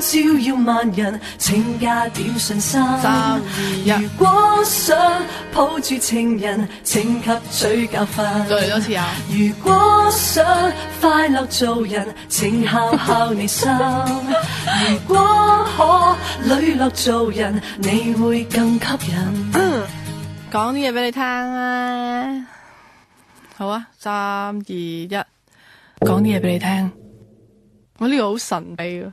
照耀萬人，請加點信心。三二一。如果想抱住情人，請吸取教訓。再多次啊！如果想快樂做人，請孝孝你心。 如果可磊落做人，你會更吸引。嗯，講啲嘢俾你聽啊！好啊，三二一，講啲嘢俾你聽。我呢、哦這個好神秘。